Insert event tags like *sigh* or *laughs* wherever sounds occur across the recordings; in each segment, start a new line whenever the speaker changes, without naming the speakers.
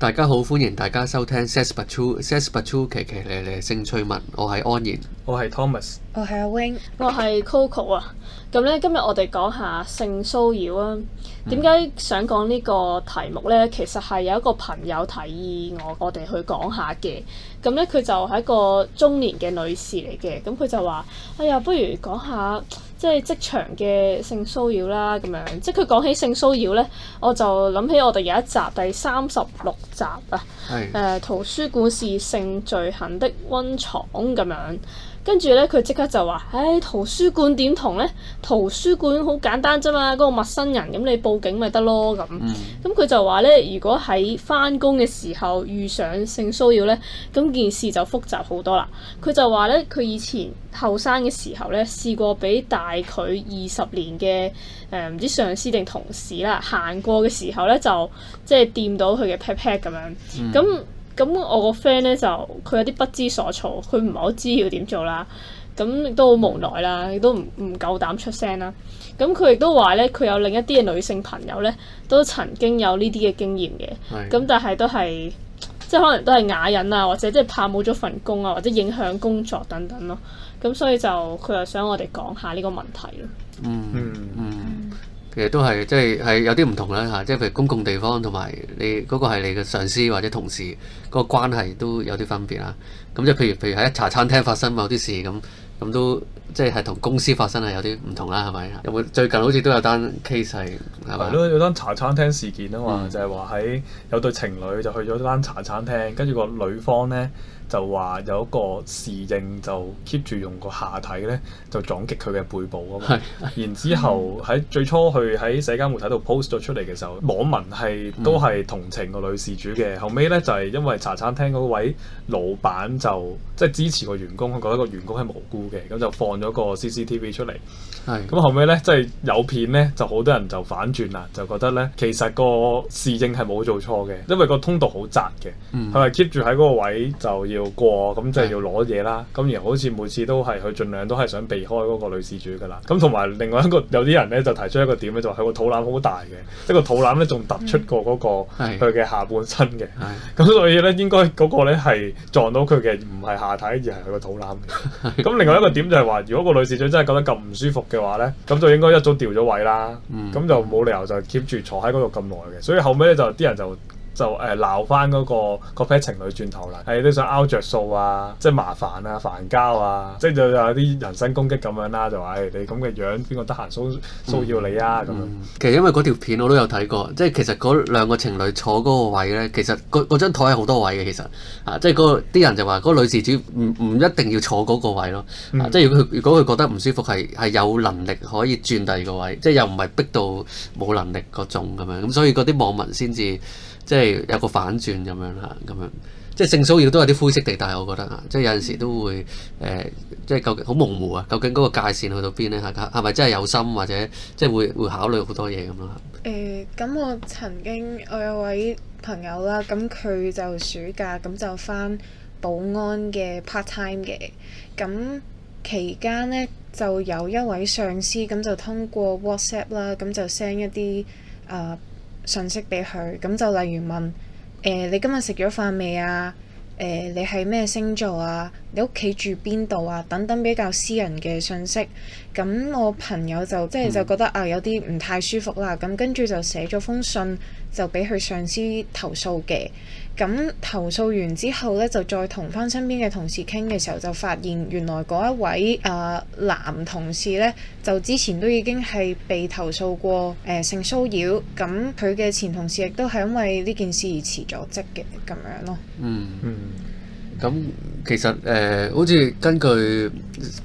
大家好，歡迎大家收聽 Sex Patrol，Sex Patrol 奇奇咧咧性趣聞，我係安然，我係 Thomas，
我係阿 wing，我係 Coco 啊。咁咧今日我哋講下性騷擾啊。點解想講呢個題目咧？其實係有一個朋友提議我，我哋去講下嘅。咁咧佢就係一個中年嘅女士嚟嘅，咁佢就話：哎呀，不如講下。即係職場嘅性騷擾啦，咁樣即係佢講起性騷擾呢，我就諗起我哋有一集第三十六集啊，誒是的、呃、圖書館是性罪行的溫床》。咁樣。跟住咧，佢即刻就話唉，圖書館點同呢？圖書館好簡單啫嘛，嗰個陌生人，咁你報警咪得咯咁。嗯。咁佢就話咧，如果喺翻工嘅時候遇上性騷擾咧，咁件事就複雜好多啦。佢就話咧，佢以前後生嘅時候咧，試過俾大佢二十年嘅誒唔知上司定同事啦，行過嘅時候咧就即係掂到佢嘅 pat pat 咁樣。咁。嗯。嗯。咁我個 friend 咧就，佢有啲不知所措，佢唔係好知要點做啦，咁亦都好無奈啦，亦都唔唔夠膽出聲啦。咁佢亦都話咧，佢有另一啲嘅女性朋友咧，都曾經有呢啲嘅經驗嘅，咁的但係都係即係可能都係啞忍啊，或者即係怕冇咗份工啊，或者影響工作等等咯，啊。咁所以就佢又想我哋講下呢個問題咯。嗯。嗯嗯嗯。
其實都係即係係有啲唔同啦嚇，即係譬如公共地方同埋你嗰個係你嘅上司或者同事嗰個關係都有啲分別啦。咁即係譬如譬如喺茶餐廳發生某啲事咁，咁都即係同公司發生係有啲唔同啦，係咪？有冇最近好似都有單 case 係？係咯，
有單茶餐廳事件啊嘛，嗯、就係話喺有對情侶就去咗間茶餐廳，跟住個女方呢。就話有一個侍應就 keep 住用個下體咧，就撞擊佢嘅背部啊嘛。然之後喺、嗯、最初佢喺社交媒體度 post 咗出嚟嘅時候，網民係都係同情個女事主嘅。後尾咧就係、是、因為茶餐廳嗰位老闆就即係、就是、支持個員工，覺得個員工係無辜嘅，咁就放咗個 CCTV 出嚟。係是。咁後尾咧即係有片咧，就好多人就反轉啦，就覺得咧其實個侍應係冇做錯嘅，因為個通道好窄嘅，佢係、嗯、keep 住喺嗰個位就要。要過咁，即係要攞嘢啦，咁然後好似每次都係佢盡量都係想避開嗰個女事主噶啦，咁同埋另外一個有啲人咧就提出一個點咧，就係、是、佢個肚腩好大嘅，即係個肚腩咧仲突出過嗰個佢嘅下半身嘅，咁、嗯、所以咧應該嗰個咧係撞到佢嘅唔係下體而係佢個肚腩咁 *laughs* *laughs* 另外一個點就係、是、話，如果個女事主真係覺得咁唔舒服嘅話咧，咁就應該一早掉咗位啦，咁、嗯、就冇理由就 keep 住坐喺嗰度咁耐嘅。所以後尾咧就啲人就。就人就誒鬧翻嗰個個 pair 情侶轉頭啦，誒、哎、都想拗着數啊，即係麻煩啊、煩交啊，即係就有啲人身攻擊咁樣啦、啊，就話、哎、你咁嘅樣,樣，邊個得閒騷騷擾你啊？咁樣、嗯嗯、
其實因為嗰條片我都有睇過，即係其實嗰兩個情侶坐嗰個位咧，其實嗰張台係好多位嘅，其實啊，即係嗰啲人就話嗰女士主唔唔一定要坐嗰個位咯、啊，即係如果佢如果佢覺得唔舒服係係有能力可以轉第二個位，即係又唔係逼到冇能力嗰種咁樣，咁、啊啊啊、所以嗰啲網民先至。即係有個反轉咁樣啦，咁樣即係性騷擾都有啲灰色地帶，我覺得啊，即係有陣時都會誒、呃，即係究竟好模糊啊，究竟嗰個界線去到邊呢？嚇？係咪真係有心或者即係會會考慮好
多嘢咁樣？誒、呃，咁我曾經我有位朋友啦，咁佢就暑假咁就返保安嘅 part time 嘅，咁期間呢，就有一位上司咁就通過 WhatsApp 啦，咁就 send 一啲啊。信息畀佢，咁就例如問誒、呃、你今日食咗飯未啊？誒、呃、你係咩星座啊？你屋企住邊度啊？等等比較私人嘅信息。咁我朋友就即係、就是、就覺得啊有啲唔太舒服啦，咁跟住就寫咗封信就俾佢上司投訴嘅。咁投訴完之後咧，就再同翻身邊嘅同事傾嘅時候，就發現原來嗰一位啊男同事咧，就之前都已經係被投訴過誒、呃、性騷擾，咁佢嘅前同事亦都係因為呢件事而辭咗職嘅咁樣咯。嗯
嗯，咁、嗯。其實誒、呃，好似根據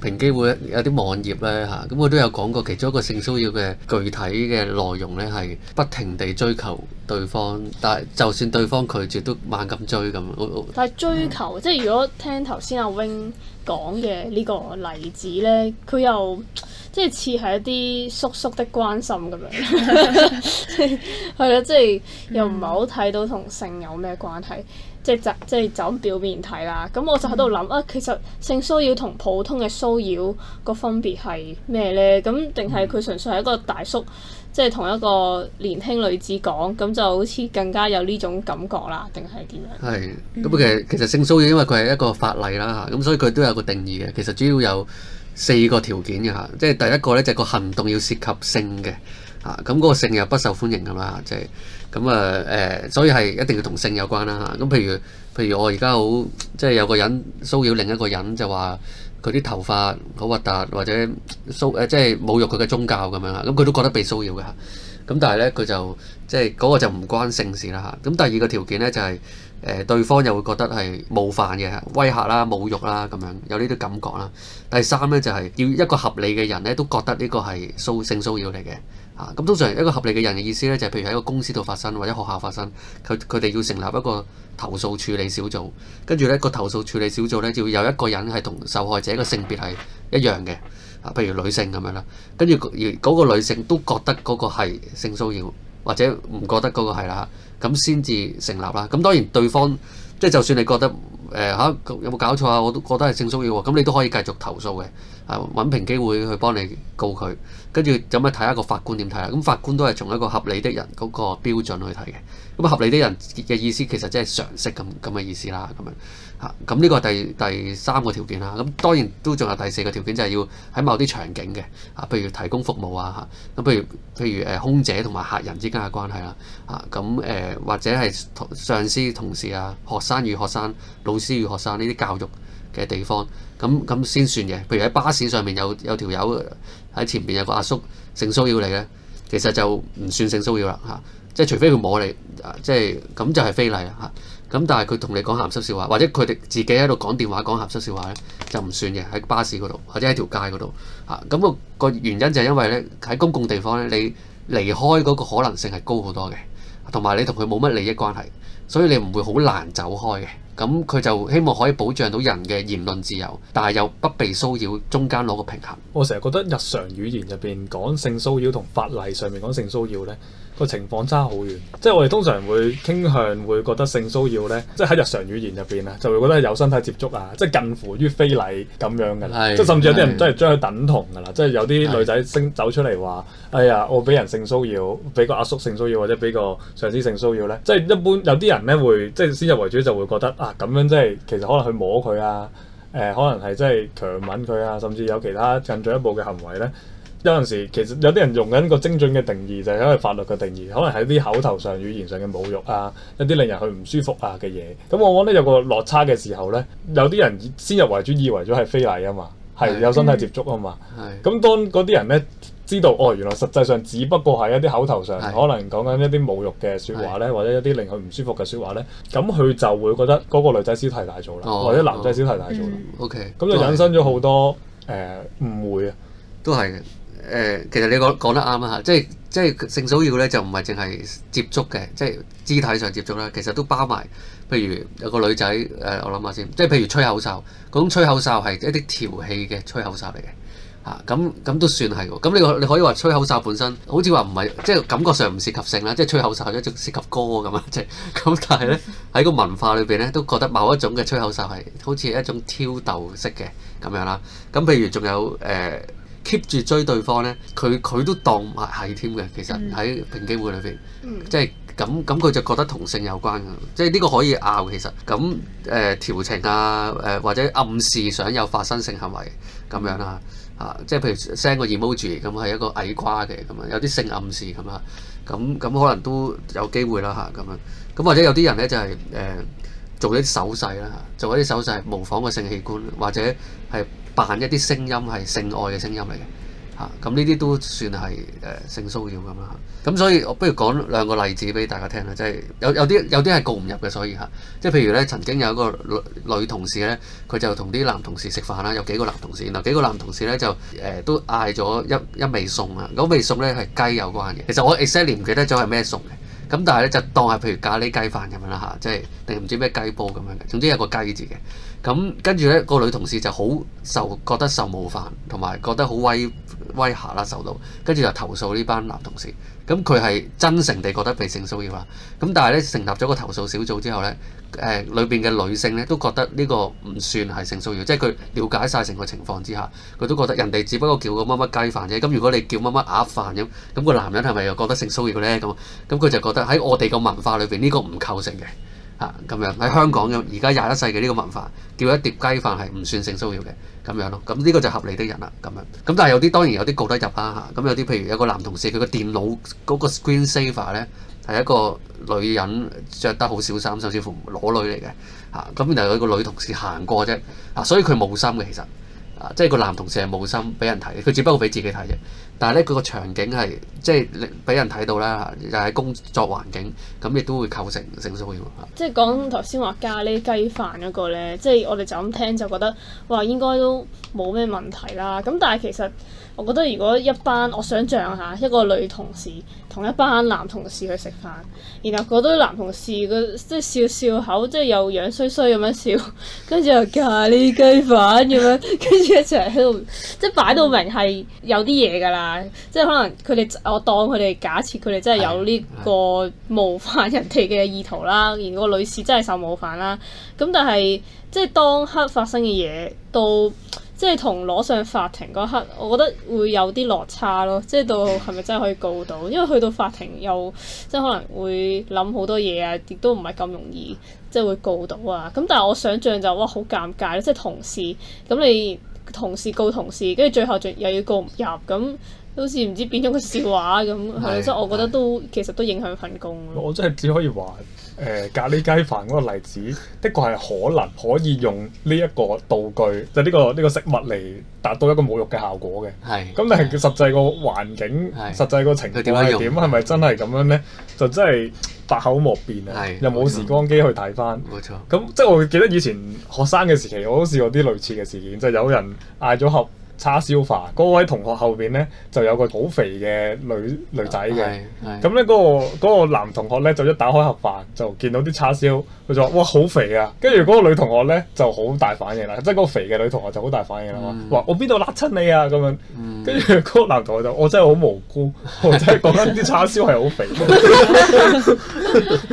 平機會有啲網頁咧嚇，咁、啊、我、嗯、都有講過其中一個性騷擾嘅具體嘅內容咧，係不停地追求對方，但係就算對方拒絕都猛咁追咁。嗯、但係
追求即係如果聽頭先阿、啊、Wing 講嘅呢個例子咧，佢又即係似係一啲叔叔的關心咁樣，係啦， *laughs* *laughs* *laughs* 即係又唔係好睇到同性有咩關係。嗯即係走表面睇啦，咁、嗯、我就喺度諗啊，其實性騷擾同普通嘅騷擾個分別係咩呢？咁定係佢純粹係一個大叔，嗯、即係同一個年輕女子講，咁就好似更加有呢種感覺啦，定係點
樣？係咁其實性騷擾因為佢係一個法例啦嚇，咁、啊、所以佢都有個定義嘅。其實主要有四個條件嘅嚇、啊，即係第一個呢，就係、個行動要涉及性嘅嚇，咁、啊、嗰、嗰個性又不受歡迎噶啦、啊啊，即係。咁啊，誒，所以係一定要同性有關啦嚇。咁譬如譬如我而家好，即係有個人騷擾另一個人，就話佢啲頭髮好核突，或者騷誒，即係侮辱佢嘅宗教咁樣啦。咁佢都覺得被騷擾嘅嚇。咁但係咧，佢就即係嗰個就唔關性事啦嚇。咁第二個條件咧就係誒對方又會覺得係冒犯嘅威嚇啦、侮辱啦咁樣，有呢啲感覺啦。第三咧就係要一個合理嘅人咧都覺得呢個係騷性騷擾嚟嘅。咁通常一個合理嘅人嘅意思咧，就係譬如喺一個公司度發生或者學校發生，佢佢哋要成立一個投訴處理小組，跟住咧個投訴處理小組咧，就要有一個人係同受害者嘅性別係一樣嘅，啊，譬如女性咁樣啦，跟住而嗰個女性都覺得嗰個係性騷擾，或者唔覺得嗰個係啦，咁先至成立啦。咁當然對方即係就算你覺得。誒嚇、欸啊，有冇搞錯啊？我都覺得係正縮要喎，咁你都可以繼續投訴嘅，啊揾平機會去幫你告佢，跟住就咪睇下個法官點睇啦。咁法官都係從一個合理的人嗰個標準去睇嘅，咁合理的人嘅意思其實即係常識咁咁嘅意思啦，咁樣。嚇，咁呢個第第三個條件啦，咁當然都仲有第四個條件，就係要喺某啲場景嘅，啊，譬如提供服務啊，嚇，咁譬如譬如誒空姐同埋客人之間嘅關係啦，啊，咁誒或者係上司同事啊，學生與學生、老師與學生呢啲教育嘅地方，咁咁先算嘅。譬如喺巴士上面有有條友喺前面有個阿叔性騷擾你咧，其實就唔算性騷擾啦，嚇，即係除非佢摸你，即係咁就係非禮啊，嚇。咁但係佢同你講鹹濕笑話，或者佢哋自己喺度講電話講鹹濕笑話呢就唔算嘅。喺巴士嗰度，或者喺條街嗰度嚇。咁個個原因就係因為呢，喺公共地方呢，你離開嗰個可能性係高好多嘅，同埋你同佢冇乜利益關係，所以你唔會好難走開嘅。咁佢就希望可以保障到人嘅言論自由，但係又不被騷擾，中間攞個平衡。
我成日覺得日常語言入邊講性騷擾同法例上面講性騷擾呢，個情況差好遠，即係我哋通常會傾向會覺得性騷擾呢，即係喺日常語言入邊啊，就會覺得有身體接觸啊，即係近乎於非禮咁樣嘅，是即係甚至有啲人真係將佢等同㗎啦，是即係有啲女仔先是走出嚟話，「哎呀，我俾人性騷擾，俾個阿叔性騷擾或者俾個上司性騷擾呢。」即係一般有啲人呢，會即係先入為主就會覺得啊，咁樣即係其實可能去摸佢啊，誒、呃，可能係即係強吻佢啊，甚至有其他更進一步嘅行為呢。」有陣時其實有啲人用緊個精準嘅定義，就係、是、因為法律嘅定義，可能係啲口頭上、語言上嘅侮辱啊，一啲令人佢唔舒服啊嘅嘢。咁往往咧有個落差嘅時候咧，有啲人先入為主，以為咗係非禮啊嘛，係有身體接觸啊嘛。係。咁當嗰啲人咧知道哦，原來實際上只不過係一啲口頭上可能講緊一啲侮辱嘅説話咧，或者一啲令佢唔舒服嘅説話咧，咁佢就會覺得嗰個女仔小題大做啦，哦、或者男仔小題大做啦。O K、嗯。咁就引申咗好多
誒誤會啊，都係嘅。誒、呃，其實你講講講得啱啊！嚇，即係即係性騷擾咧，就唔係淨係接觸嘅，即係肢體上接觸啦。其實都包埋，譬如有個女仔誒，我諗下先，即係譬如吹口哨。嗰種吹口哨係一啲調戲嘅吹口哨嚟嘅，嚇，咁咁都算係。咁你你可以話吹口哨本身好似話唔係，即係感覺上唔涉及性啦，即係吹口哨一種涉及歌咁樣，即係咁。但係咧喺個文化裏邊咧，都覺得某一種嘅吹口哨係好似一種挑逗式嘅咁樣啦。咁譬如仲有誒。啊啊 Keep 住追對方咧，佢佢都當埋係添嘅。其實喺平機會裏邊，嗯、即係咁咁，佢就覺得同性有關。即係呢個可以拗其實咁誒調情啊誒、呃、或者暗示想有發生性行為咁樣啦嚇、啊，即係譬如 send 個 emoji 咁係一個矮瓜嘅咁啊，有啲性暗示咁啊，咁咁可能都有機會啦嚇咁樣。咁或者有啲人咧就係誒做一啲手勢啦，做一啲手勢模仿個性器官或者係。扮一啲聲音係性愛嘅聲音嚟嘅，嚇咁呢啲都算係誒、呃、性騷擾咁啦。咁、啊、所以我不如講兩個例子俾大家聽啦、啊，即係有有啲有啲係告唔入嘅，所以嚇、啊、即係譬如咧曾經有一個女女同事咧，佢就同啲男同事食飯啦，有幾個男同事，然後幾個男同事咧就誒、呃、都嗌咗一一味餸啊，嗰味餸咧係雞有關嘅，其實我 Excel 唔記得咗係咩餸嘅。咁但係咧就當係譬如咖喱雞飯咁樣啦吓，即係定唔知咩雞煲咁樣嘅，總之有個雞字嘅。咁跟住咧個女同事就好受，覺得受冒犯，同埋覺得好威。威嚇啦，受到，跟住就投訴呢班男同事，咁佢係真誠地覺得被性騷擾啦。咁但係咧，成立咗個投訴小組之後咧，誒裏邊嘅女性咧都覺得呢個唔算係性騷擾，即係佢了解晒成個情況之下，佢都覺得人哋只不過叫個乜乜雞飯啫。咁如果你叫乜乜鴨飯咁，咁個男人係咪又覺得性騷擾咧？咁咁佢就覺得喺我哋個文化裏邊呢個唔構成嘅。嚇，咁樣喺香港，咁而家廿一世紀嘅呢個文化，叫一碟雞飯係唔算性騷擾嘅，咁樣咯，咁呢個就合理的人啦咁樣咁，但係有啲當然有啲告得入啦嚇。咁有啲譬如有個男同事佢個電腦嗰個 screen saver 咧，係一個女人着得好少衫，甚至乎裸女嚟嘅嚇，咁，然後有一個女同事行過啫啊，所以佢冇心嘅其實啊。即係個男同事係冇心俾人睇，佢只不過俾自己睇啫。但係咧，佢個場景係即係俾人睇到啦，又係工作環境，咁亦都會構成性騷擾。
即係講頭先話咖喱雞飯嗰個咧，即係我哋就咁聽就覺得，哇應該都冇咩問題啦。咁但係其實我覺得，如果一班我想象下一個女同事。同一班男同事去食飯，然後嗰堆男同事個即係笑笑口，即係又樣衰衰咁樣笑，跟住又咖喱雞飯咁樣，跟住一齊喺度，即係擺到明係有啲嘢㗎啦，即係可能佢哋我當佢哋假設佢哋真係有呢個冒犯人哋嘅意圖啦，然後個女士真係受冒犯啦，咁但係即係當刻發生嘅嘢都。即係同攞上法庭嗰刻，我覺得會有啲落差咯。即係到係咪真係可以告到？因為去到法庭又即係可能會諗好多嘢啊，亦都唔係咁容易即係會告到啊。咁但係我想像就，哇好尷尬咯。即係同事咁你同事告同事，跟住最後仲又要告唔入，咁好似唔知變咗個笑話咁。係，即係我覺得都是其實都影響份工。我
真係只可以話。誒，咖喱雞飯嗰個例子，的確係可能可以用呢一個道具，就呢、是這個呢、這個食物嚟達到一個侮辱嘅效果嘅。係是。咁但係佢實際個環境、是實際個情況係點？係咪真係咁樣咧？就真係百口莫辯啊！又冇是時光機去睇翻。冇錯。咁即係我記得以前學生嘅時期，我都試過啲類似嘅事件，就是、有人嗌咗盒叉燒飯嗰位同學後邊呢就有個好肥嘅女女仔嘅，咁呢嗰個男同學呢，就一打開盒飯就見到啲叉燒，佢就話：哇，好肥啊！跟住嗰個女同學呢，就好大反應啦，即係嗰個肥嘅女同學就好大反應啦，話：我邊度揦親你啊！咁樣，跟住嗰個男同學就：我真係好無辜，我真係覺得啲叉燒係好肥。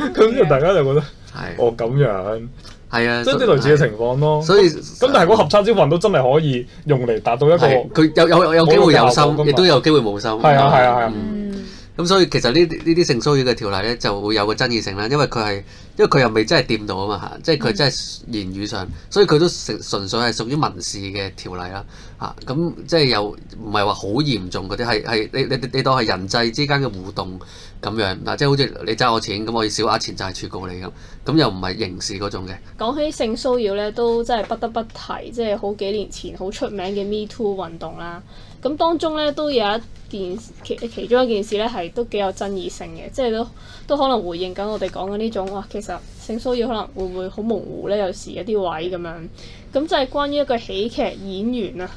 咁就 *laughs* *laughs* 大家就覺得係我咁樣 S。
Ginsburg 係啊，即係啲類似嘅情
況咯。所以咁，但係嗰合叉招雲都真係可以用嚟達
到一個佢、啊、有有有機會有收，亦都有機會冇收。係啊係啊。啊。咁、啊嗯嗯、所以其實呢呢啲性騷擾嘅條例咧就會有個爭議性啦，因為佢係因為佢又未真係掂到啊嘛嚇，即係佢真係言語上，所以佢都純粹係屬於民事嘅條例啦。嚇、啊、咁、嗯、即係又唔係話好嚴重嗰啲，係係你你你，你，你，你當係人際之間嘅互動。咁樣嗱，即係好似你爭我錢咁，我可以小額錢債處告你咁。咁又唔係刑事嗰種嘅。
講起性騷擾咧，都真係不得不提，即係好幾年前好出名嘅 Me Too 運動啦。咁當中咧都有一件其其中一件事咧，係都幾有爭議性嘅，即係都都可能回應緊我哋講嘅呢種哇、啊。其實性騷擾可能會唔會好模糊咧？有時一啲位咁樣咁，即係關於一個喜劇演員啊，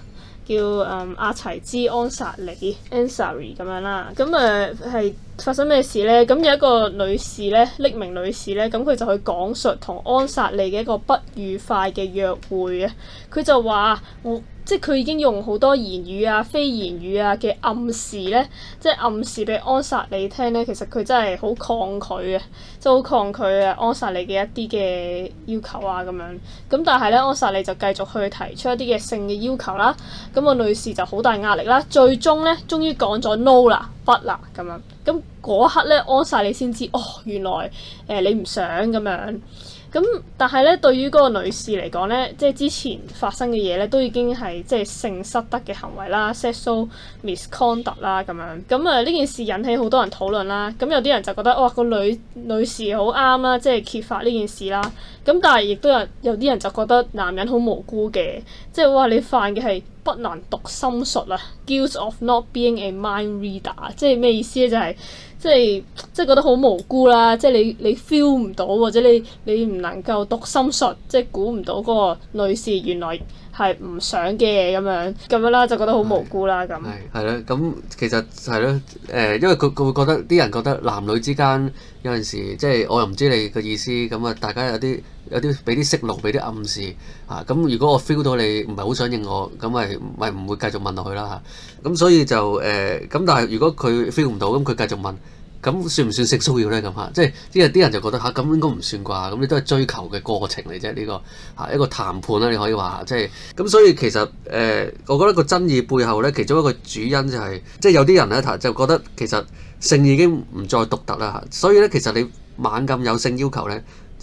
叫嗯阿齊茲安薩里 （Ansari） 咁樣啦。咁誒係。呃發生咩事咧？咁有一個女士咧，匿名女士咧，咁佢就去講述同安薩利嘅一個不愉快嘅約會啊。佢就話：我、哦、即係佢已經用好多言語啊、非言語啊嘅暗示咧，即係暗示俾安薩利聽咧，其實佢真係好抗拒啊，真係好抗拒啊安薩利嘅一啲嘅要求啊咁樣。咁但係咧，安薩利就繼續去提出一啲嘅性嘅要求啦。咁、個女士就好大壓力啦，最終咧，終於講咗 no 啦。不啦，咁樣，咁嗰刻咧，安晒你先知哦，原來誒、呃、你唔想咁樣，咁但係咧對於嗰個女士嚟講咧，即係之前發生嘅嘢咧，都已經係即係性失德嘅行為啦 sexual misconduct 啦咁樣，咁啊呢件事引起好多人討論啦。咁有啲人就覺得哇，個女女士好啱啦，即係揭發呢件事啦，咁但係亦都有有啲人就覺得男人好無辜嘅，即係哇你犯嘅係。不能讀心術啦、啊、guilt of not being a mind reader，即係咩意思咧？就係、是、即係即係覺得好無辜啦，即係你你 feel 唔到或者你你唔能夠讀心術，即係估唔到嗰個女士原來係唔想嘅嘢咁樣咁樣啦，就覺得好無辜啦咁。係
係咯，咁其實係咯，誒、呃，因為佢佢會覺得啲人覺得男女之間有陣時即係我又唔知你嘅意思，咁啊大家有啲有啲俾啲色狼俾啲暗示啊，咁如果我 feel 到你唔係好想認我，咁咪咪唔會繼續問落去啦嚇。咁、啊、所以就誒咁、呃，但係如果佢 feel 唔到，咁佢繼續問。咁算唔算性騷擾呢？咁吓，即係啲人啲人就覺得嚇，咁、啊、應該唔算啩？咁你都係追求嘅過程嚟啫，呢、這個嚇、啊、一個談判啦，你可以話即係咁。所以其實誒、呃，我覺得個爭議背後呢，其中一個主因就係、是，即係有啲人呢，就覺得其實性已經唔再獨特啦嚇。所以呢，其實你猛咁有性要求呢。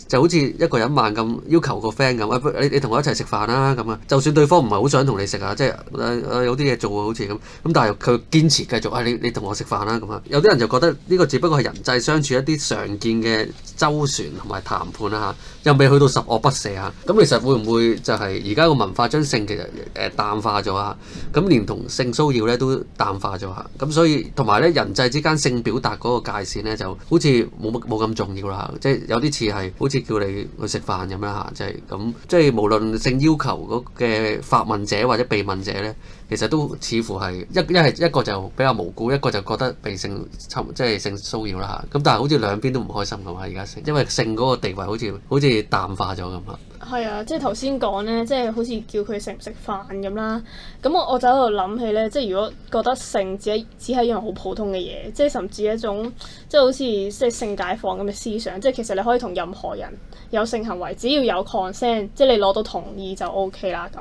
就好似一個人慢咁要求個 friend 咁，喂、哎、你你同我一齊食飯啦咁啊，就算對方唔係好想同你食啊，即係、哎、有啲嘢做啊，好似咁咁，但係佢堅持繼續啊、哎，你你同我食飯啦咁啊，有啲人就覺得呢個只不過係人際相處一啲常見嘅周旋同埋談判啦，又未去到十惡不赦嚇，咁其實會唔會就係而家個文化將性其實誒淡化咗嚇，咁連同性騷擾咧都淡化咗嚇，咁所以同埋咧人際之間性表達嗰個界線咧就好似冇冇咁重要啦，即係有啲似係好似。即叫你去食飯咁樣吓，就係咁，即係無論性要求嗰嘅發問者或者被問者咧。其實都似乎係一一係一個就比較無辜，一個就覺得被性侵，即係性騷擾啦吓。咁但係好似兩邊都唔開心咁啊。而家性因為性嗰個地位好似好似淡化咗咁啊。
係啊，即係頭先講咧，即係好似叫佢食唔食飯咁啦。咁我我就喺度諗起咧，即係如果覺得性只係只係一樣好普通嘅嘢，即係甚至一種即係好似即係性解放咁嘅思想，即係其實你可以同任何人。有性行為，只要有 consent 即係你攞到同意就 O K 啦咁。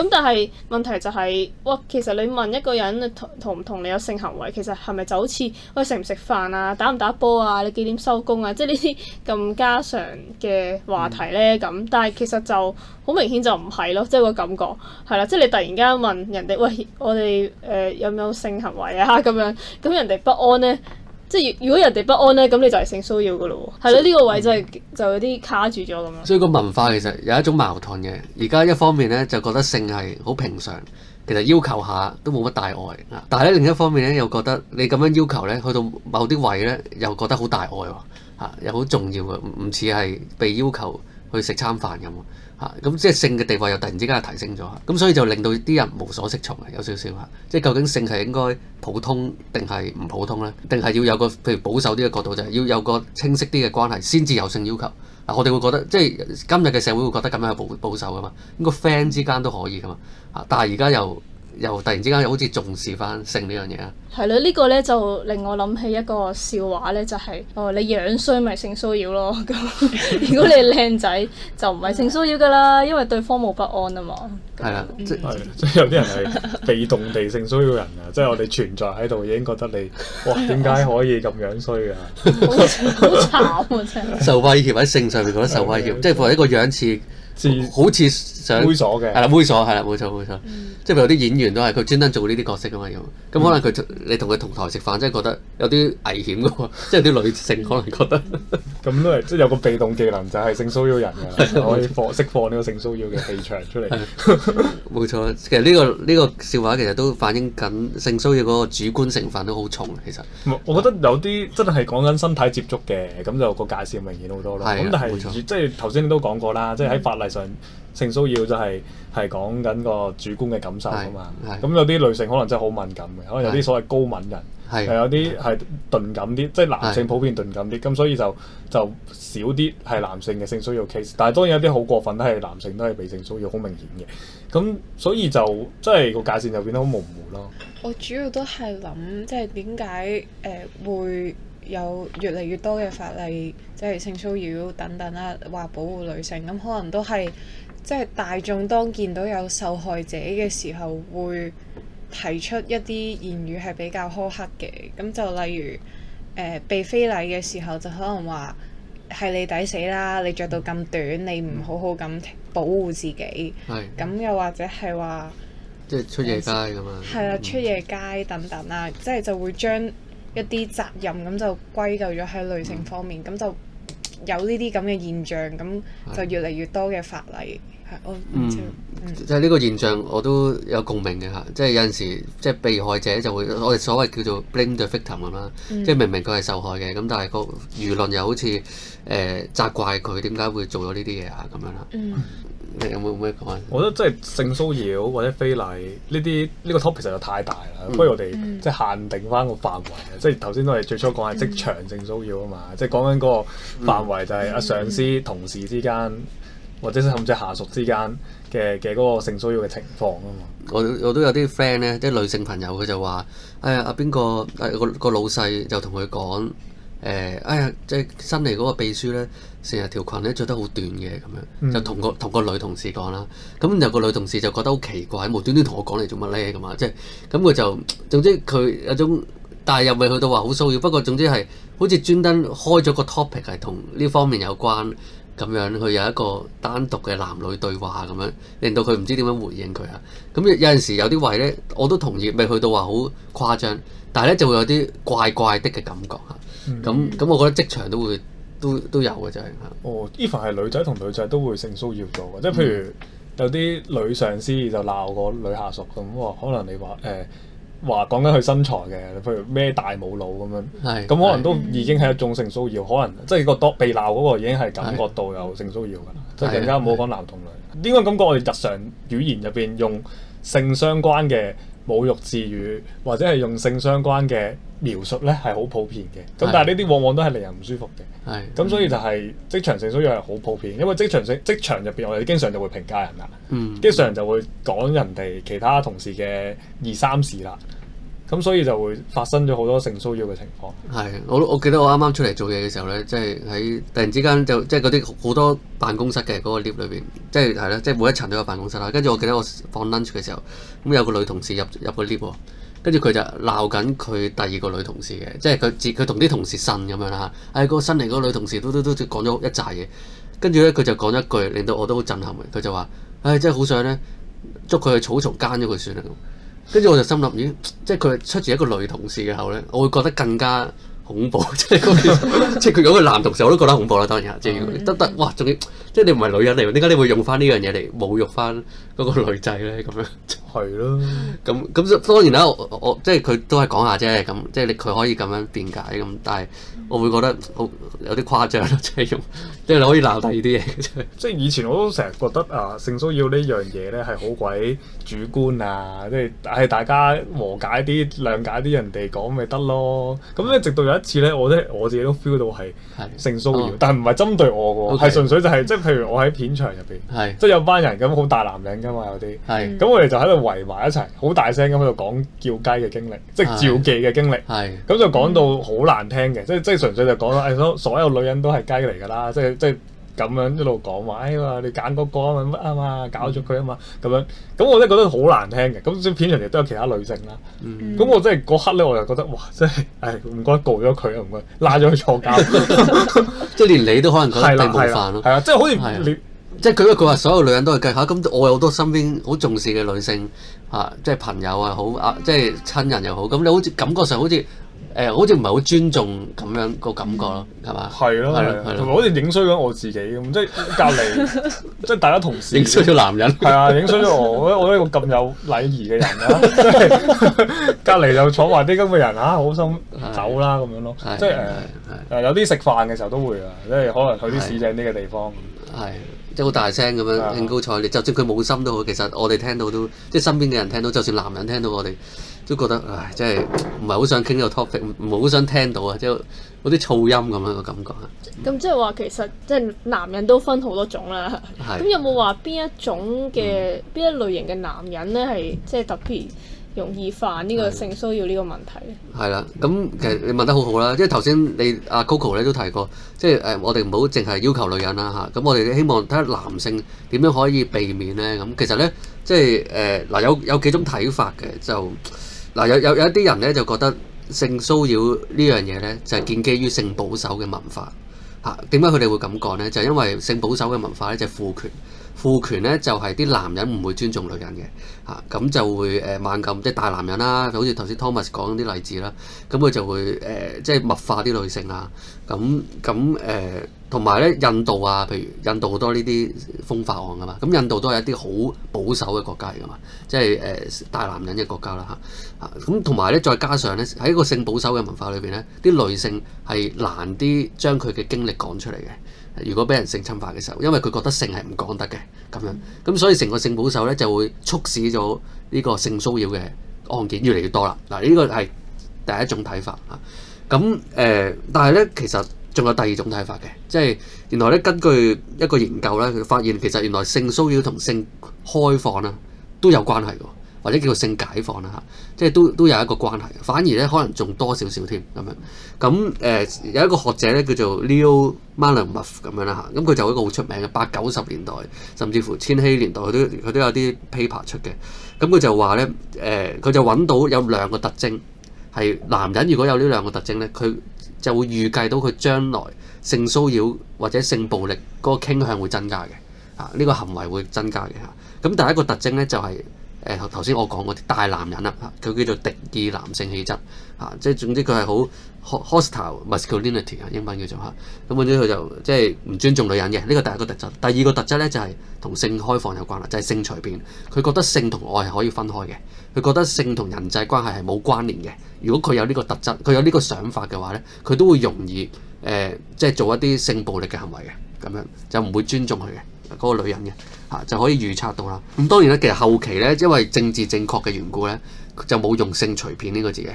咁但係問題就係、是，哇，其實你問一個人同唔同你有性行為，其實係咪就好似喂食唔食飯啊、打唔打波啊、你幾點收工啊？即係呢啲咁家常嘅話題呢？咁。但係其實就好明顯就唔係咯，即係個感覺係啦。即係你突然間問人哋，喂，我哋誒、呃、有冇性行為啊？咁樣咁人哋不安呢。即係，如果人哋不安咧，咁你就係性騷擾嘅咯。係咯所以，呢個位真係、就係、就有啲卡住咗咁樣。
所以個文化其實有一種矛盾嘅。而家一方面咧就覺得性係好平常，其實要求下都冇乜大礙啊。但係咧另一方面咧又覺得你咁樣要求咧，去到某啲位咧又覺得好大礙啊，又好重要嘅，唔似係被要求去食餐飯咁。咁即係性嘅地位又突然之間提升咗，咁所以就令到啲人無所適從啊，有少少啊，即係究竟性係應該普通定係唔普通呢？定係要有個譬如保守啲嘅角度就係、是、要有個清晰啲嘅關係先至有性要求。啊，我哋會覺得即係今日嘅社會會會覺得咁樣係保保守㗎嘛，應該 friend 之間都可以噶嘛，但係而家又。又突然之間又好似重視翻性、這個、呢樣嘢
啊！係咯，呢個咧就令我諗起一個笑話咧，就係、是、哦，你樣衰咪性騷擾咯，如果你係靚仔就唔係性騷擾噶啦，因為對方冇不安啊嘛。係
啊，即係、嗯、有啲人係
被動地性騷擾人啊，即係 *laughs* 我哋存在喺度已經覺得你哇，點解可以咁樣
衰噶？ *laughs* 好慘啊！
真係 *laughs*
受威脅，喺性上面覺得受威脅， *laughs* 即係一個樣似好似。猥瑣嘅，係啦，猥瑣係啦，冇錯冇錯，即係有啲演員都係，佢專登做呢啲角色噶嘛咁咁可能佢，你同佢同台食飯，即係覺得有啲危險咯，即係啲女性可能覺得，
咁都係，即係有個被動技能就係性騷擾人嘅，可以釋，釋放呢個性騷擾嘅氣場出嚟，
冇錯，其實呢個呢個笑話其實都反映緊性騷擾嗰個主觀成分都好重，其實，我我覺得有啲
真係講緊身體接觸嘅，咁就個介紹明顯好多咯，咁但係即係頭先都講過啦，即係喺法例上。性騷擾就係、是、係講緊個主觀嘅感受啊嘛，咁、嗯、有啲女性可能真係好敏感嘅，可能有啲所謂高敏人，又是有啲係鈍感啲，是即係男性普遍鈍感啲，咁是所以就就少啲係男性嘅性騷擾 case，但係當然有啲好過分都係男性都係被性騷擾好明顯嘅，咁、嗯、所以就即係個界線就變得好模糊咯。
我主要都係諗即係點解誒會有越嚟越多嘅法例，即、就、係、是、性騷擾等等啦，話保護女性咁可能都係。即係大眾當見到有受害者嘅時候，會提出一啲言語係比較苛刻嘅。咁就例如、呃、被非禮嘅時候，就可能話係你抵死啦，你着到咁短，你唔好好咁保護自己。係、嗯。咁又或者係話
即係出夜街吖嘛？係啦、嗯，出夜
街等等啦、啊，嗯、即係就會將一啲責任咁就歸咎咗喺女性方面，咁、嗯、就。有呢啲咁嘅現象，咁就越嚟越多嘅法例，係的我唔即係呢個現
象，我都有共鳴嘅嚇。即、就、係、是、有陣時，即、就、係、是、被害者就會，我哋所謂叫做 blame the victim 咁啦、嗯。即係明明佢係受害嘅，咁但係個輿論又好似誒、呃、責怪佢點解會做咗呢啲嘢啊咁樣啦。嗯你有冇咩講？有有我覺得即係性騷擾或者非禮呢啲
呢個 topic 實在太大啦，不如我哋即係限定返個範圍，即係頭先都係最初講係職場性騷擾啊嘛，嗯、即係講緊嗰個範圍就係阿上司同事之間，嗯嗯、或者甚至係下屬之間嘅嘅嗰個性騷擾嘅情況啊
嘛。嗯、我我都有啲 friend 咧，即係女性朋友佢就話，哎呀，阿邊個，阿個個個老細就同佢講。誒哎呀，即係新嚟嗰個秘書咧，成日條裙咧着得好短嘅咁樣，就同個同個女同事講啦。咁有個女同事就覺得好奇怪，無端端同我講嚟做乜咧咁嘛。即係咁佢就總之佢有種，但係又未去到話好騷擾。不過總之係好似專登開咗個 topic 係同呢方面有關咁樣，佢有一個單獨嘅男女對話咁樣，令到佢唔知點樣回應佢啊。咁有陣時有啲位咧，我都同意，未去到話好誇張，但係咧就會有啲怪怪的嘅感覺嚇，咁咁、嗯嗯、我覺得職場都會都都有嘅就係哦 even 係女仔同女仔都會
性騷擾到嘅，即係譬如有啲女上司就鬧個女下屬咁，哇、哦，可能你話誒話講緊佢身材嘅，譬如咩大母腦咁樣，咁是可能都已經係一種性騷擾，可能即係個多被鬧嗰個已經係感覺到有性騷擾㗎啦，是即係更加唔好講男同女。點解咁講？我哋日常語言入邊用性相關嘅。侮辱字語或者係用性相關嘅描述咧係好普遍嘅，咁的但係呢啲往往都係令人唔舒服嘅。係的，咁所以就係職場性騷擾係好普遍，因為職場性職場入邊我哋經常就會評價人啦，嗯、經常就會講人哋其他同事嘅二三事啦。咁所以就會發生咗好多性騷擾嘅情況。
係，我我記得我啱啱出嚟做嘢嘅時候呢，即係喺突然之間就即係嗰啲好多辦公室嘅嗰個 lift 裏邊，即係係啦，即係每一層都有辦公室啦。跟住我記得我放 lunch 嘅時候，咁有個女同事入入個 lift 喎，跟住佢就鬧緊佢第二個女同事嘅，即係佢佢同啲同事呻咁樣啦嚇。誒，嗰個新嚟嗰個女同事都都都講咗一揸嘢，跟住呢，佢就講咗一句令到我都好震撼嘅，佢就話，唉，真係好想呢，捉佢去草叢奸咗佢算啦。跟住我就心諗，咦！即係佢出住一個女同事嘅口咧，我會覺得更加恐怖。即係， *laughs* 即係佢如果係男同事，我都覺得恐怖啦。當然，即係得得，哇！仲要。即係你唔係女人嚟㗎，點解你會用翻呢樣嘢嚟侮辱翻嗰個女仔咧？咁樣係咯 *laughs* 是的，咁咁當然啦，我即係佢都係講下啫，咁即係佢可以咁樣辯解咁，但係我會覺得有啲誇張咯，即係用即係你可以鬧第二啲嘢。即係以
前我都成日覺得啊，性騷擾呢樣嘢咧係好鬼主觀啊，即係係大家和解啲、嗯、諒解啲人哋講咪得咯。咁咧直到有一次咧，我咧我自己都 feel 到係性騷擾，但係唔係針對我㗎，係純粹就係即係。譬如我喺片場入邊，是即係有班人咁好大男人噶嘛，有啲，咁是我哋就喺度圍埋一齊，好大聲咁喺度講叫雞嘅經歷，即係照記嘅經歷，咁是就講到好難聽嘅是，即係即係純粹就講啦，所 *laughs* 所有女人都係雞嚟噶啦，即係即係。咁樣一路講話，哎呀，你揀嗰個啊嘛乜啊嘛，搞咗佢啊嘛，咁樣，咁我真係覺得好難聽嘅。咁片場入邊都有其他女性啦，咁我真係嗰刻咧，我又覺得哇，真係，誒、哎，唔該告咗佢啊，唔該，拉咗佢坐監。
即係連你都可能覺得係啦，係啊，即係、啊係、好似、啊係、你，即係佢乜佢話所有女人都係計下。」咁我有好多身邊好重視嘅女性嚇，即、就、係、係、朋友啊，好啊，即係親人又好，咁你好似感覺上好似。誒，好似唔係好尊重咁樣個感覺咯，係嘛？係咯，同
埋好似影衰咗我自己咁，即係隔離，即係大家同時影衰咗男人，係啊，影衰咗我，我我一個咁有禮儀嘅人啊，即係隔離又坐埋啲咁嘅人嚇，好心走啦咁樣咯，即係誒有啲食飯嘅時候都會啊，即係可能去啲市井啲嘅地方，係
即係好大聲咁樣興高采烈，就算佢冇心都好，其實我哋聽到都，即係身邊嘅人聽到，就算男人聽到我哋。都覺得唉，真係唔係好想傾呢個 topic，唔唔好想聽到啊！即係嗰啲噪音咁樣嘅感覺啊。
咁即係話其實即係男人都分好多種啦。咁是的 有冇話邊一種嘅邊、嗯、一類型嘅男人咧，係即係特別容易犯呢個性騷擾呢個問題？
係啦，咁、嗯、其實你問得好好啦。即係頭先你阿、啊、Coco 咧都提過，即係誒、呃，我哋唔好淨係要求女人啦嚇。咁、啊、我哋希望睇下男性點樣可以避免咧。咁、嗯、其實咧，即係誒嗱，有有幾種睇法嘅就。就就嗯嗯啊、有、有一啲人呢就覺得性騷擾這呢樣嘢呢就係、是、建基於性保守嘅文化嚇，點解佢哋會咁講呢？就是、因為性保守嘅文化呢就賦、是、權。父權咧就係、是、啲男人唔會尊重女人嘅嚇，咁、啊、就會誒猛咁即係大男人啦、啊呃，就好似頭先 Thomas 講啲例子啦，咁佢就會誒即係物化啲女性啊，咁，咁誒同埋咧印度啊，譬如印度好多呢啲風化案啊嘛，咁、啊、印度都係一啲好保守嘅國家嚟噶嘛，即係誒大男人嘅國家啦嚇嚇，咁同埋咧再加上咧喺一個性保守嘅文化裏邊咧，啲女性係難啲將佢嘅經歷講出嚟嘅。如果俾人性侵犯嘅時候，因為佢覺得性係唔講得嘅，咁樣，咁所以成個性保守呢，就會促使咗呢個性騷擾嘅案件越嚟越多啦。嗱，呢個係第一種睇法啊。咁誒、呃，但係呢，其實仲有第二種睇法嘅，即係原來呢根據一個研究呢，佢發現其實原來性騷擾同性開放啦都有關係嘅，或者叫做性解放啦嚇。即都都有一個關係，反而咧可能仲多少少添咁樣。咁誒、呃、有一個學者咧叫做 Leo Malamuth 咁樣啦嚇，咁佢就一個好出名嘅八九十年代，甚至乎千禧年代，佢都佢都有啲 paper 出嘅。咁佢就話咧誒，佢就揾到有兩個特徵，係男人如果有呢兩個特徵咧，佢就會預計到佢將來性騷擾或者性暴力嗰個傾向會增加嘅，啊呢個行為會增加嘅嚇。咁第一個特徵咧就係。sensitivity m cafes frase ahan 誒頭先我講嗰啲大男人啦，佢叫做敵意男性氣質嚇，即係總之佢係好 hostile masculinity 啊，英文叫做嚇。咁本身佢就即係唔尊重女人嘅，呢個第一個特質。第二個特質咧就係同性開放有關啦，就係性隨便。佢覺得性同愛係可以分開嘅，佢覺得性同人際關係係冇關聯嘅。如果佢有呢個特質，佢有呢個想法嘅話咧，佢都會容易誒即係做一啲性暴力嘅行為嘅，咁樣就唔會尊重佢嘅。嗰個女人嘅嚇、啊、就可以預測到啦。咁、嗯、當然啦，其實後期咧，因為政治正確嘅緣故咧，就冇用性隨便呢、呢個字嘅、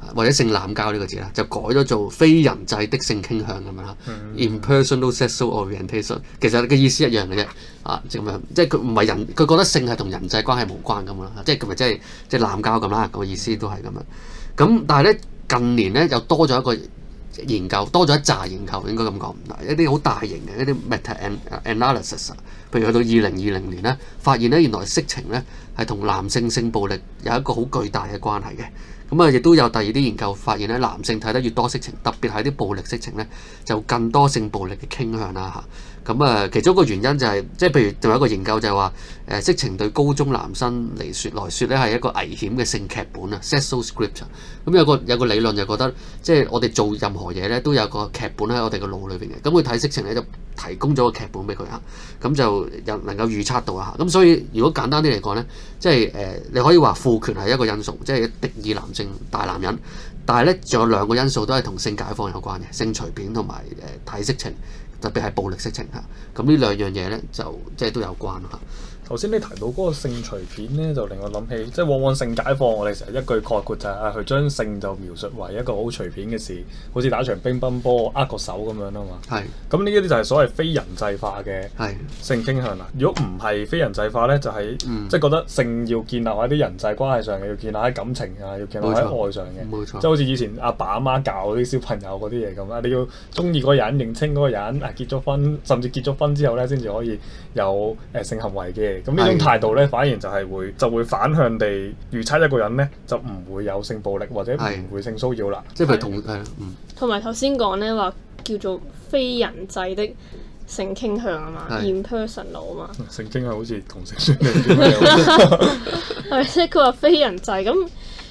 啊，或者性濫交呢、呢個字啦，就改咗做非人際的性傾向咁樣啦。嗯、Impersonal sexual orientation、嗯、其實嘅意思一樣嘅啫。啊，即係咁樣，即係佢唔係人，佢覺得性係同人際關係無關咁樣啦。即係佢咪即係即係濫交咁啦。個意思都係咁樣。咁但係咧，近年咧又多咗一個。研究多咗一紮研究，應該咁講，一啲好大型嘅一啲 meta analysis，譬如去到二零二零年咧，發現咧原來色情咧。係同男性性暴力有一個好巨大嘅關係嘅。咁啊，亦都有第二啲研究發現咧，男性睇得越多色情，特別係啲暴力色情咧，就更多性暴力嘅傾向啦。嚇，咁啊，其中一個原因就係即係譬如仲有一個研究就係話色情對高中男生嚟説來説咧係一個危險嘅性劇本啊。Sexual scripts。咁有個有個理論就覺得即係我哋做任何嘢咧都有個劇本喺我哋個腦裏邊嘅。咁佢睇色情咧就提供咗個劇本俾佢啊。咁就又能夠預測到啊。咁所以如果簡單啲嚟講咧。即係誒、呃，你可以話父權係一個因素，即係敵意男性大男人，但係咧仲有兩個因素都係同性解放有關嘅，性隨便同埋誒睇色情，特別係暴力色情嚇，咁、啊、呢兩樣嘢咧就即係都有關嚇。啊。頭先你提到嗰個性隨便咧，就令我諗起，即係往往性解放
我，我哋成日一句概括就係、是、啊，佢將性就描述為一個好隨便嘅事，好似打場乒乓波握個手咁樣啊嘛。係是。咁呢一啲就係所謂非人際化嘅性傾向啦。如果唔係非人際化咧，就係、是嗯、即係覺得性要建立喺啲人際關係上嘅，要建立喺感情啊，要建立喺愛上嘅。冇錯。即係好似以前阿爸阿媽教啲小朋友嗰啲嘢咁啊，你要中意個人，認清嗰個人啊，結咗婚，甚至結咗婚之後咧，先至可以有誒、呃、性行為嘅。咁呢種態度咧，反而就係會就會反向地預測一個人咧，嗯、就唔會有性暴力或者唔會性騷擾啦。即係同係
同埋頭先講咧，話是叫做非人際的性傾向啊嘛 impersonal 啊嘛。
性傾向好似同性
戀即係佢話非人際咁